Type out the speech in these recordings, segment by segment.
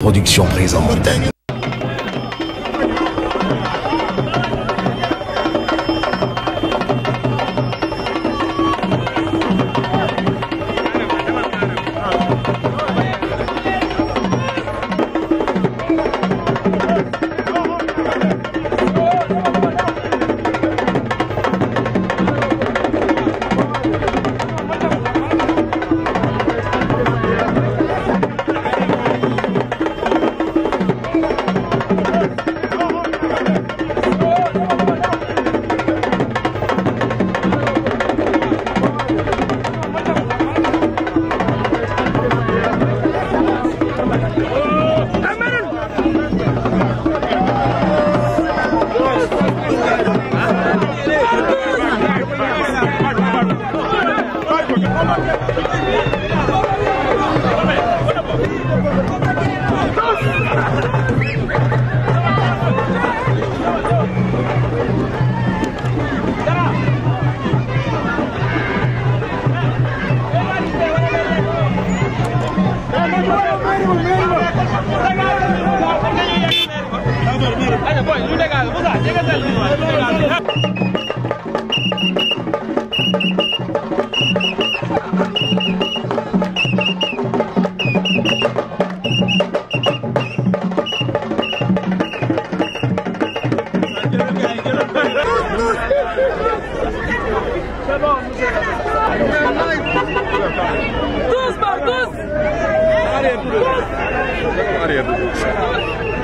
Production présente Tuz bak tuz. Araya durun. Araya durun.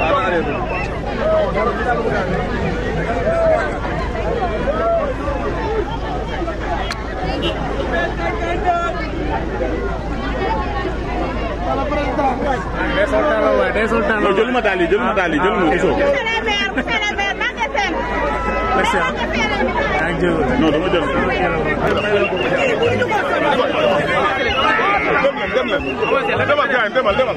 Abi araya durun. Dee soltaan la waay dee soltaan la waay jël ma daal yi jël ma daal yi jël ma merci ah. yaa ngi jëloon. non dama jëloon. dem leen demal gars yi demal demal. demal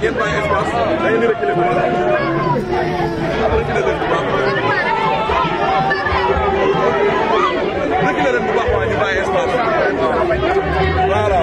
bàyyi ngeen bàyyi espace da ngeen di reculer bu baax reculer leen bu baax reculer leen bu baax waaye ñu bàyyi espace voilà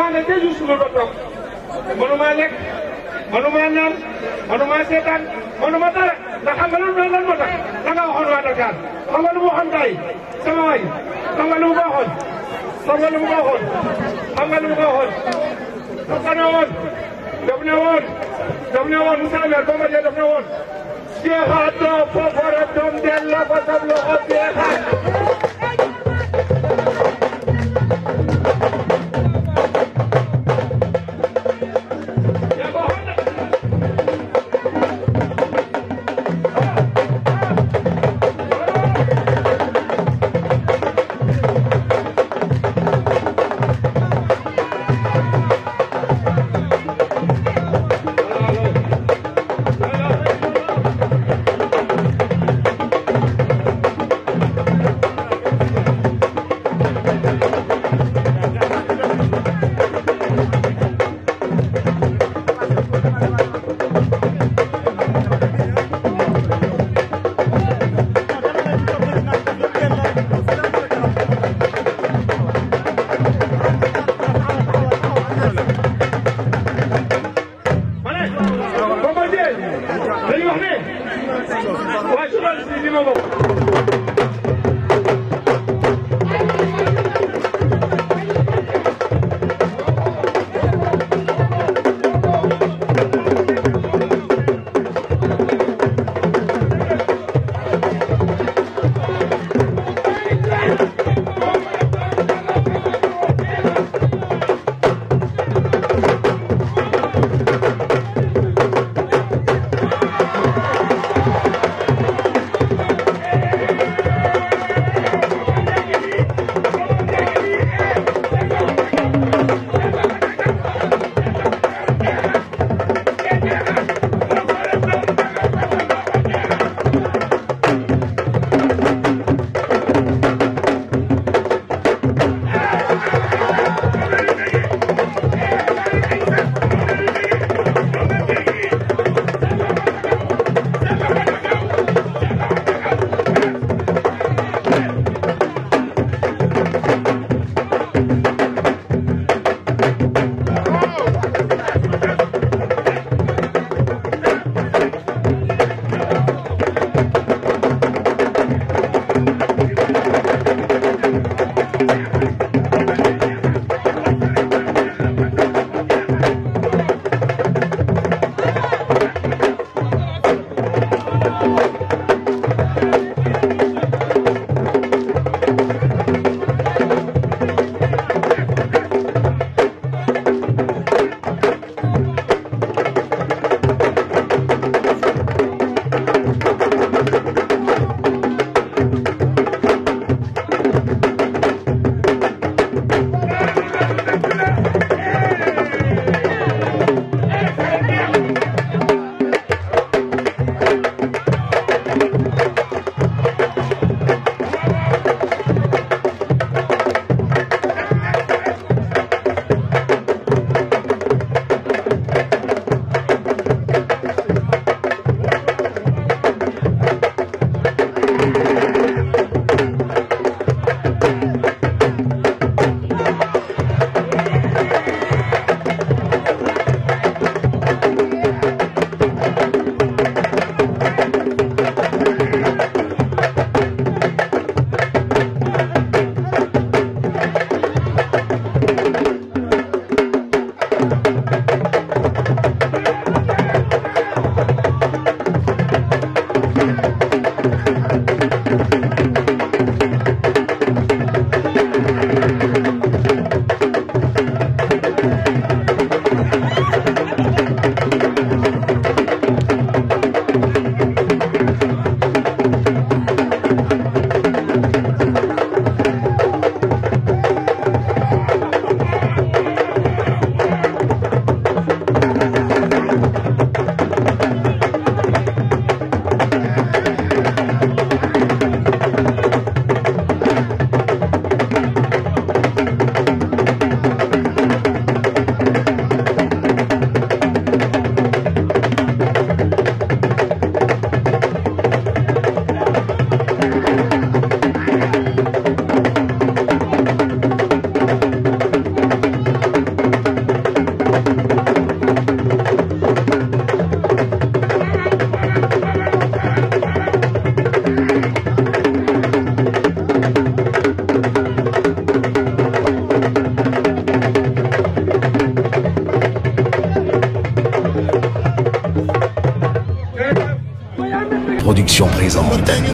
maa ne deux jours su ma doon toog mënumaa lekk mënumaa naan mënumaa seetaan mënuma dara ndax xam nga lan lan moo tax da nga waxoon waa Dakar xam nga lu waay xam nga lu ma ko waxoon xam nga lu ma ko waxoon xam nga na woon daf ne woon daf ne woon Moussa dañuy wax ne waaye journaliste yi li ma bokk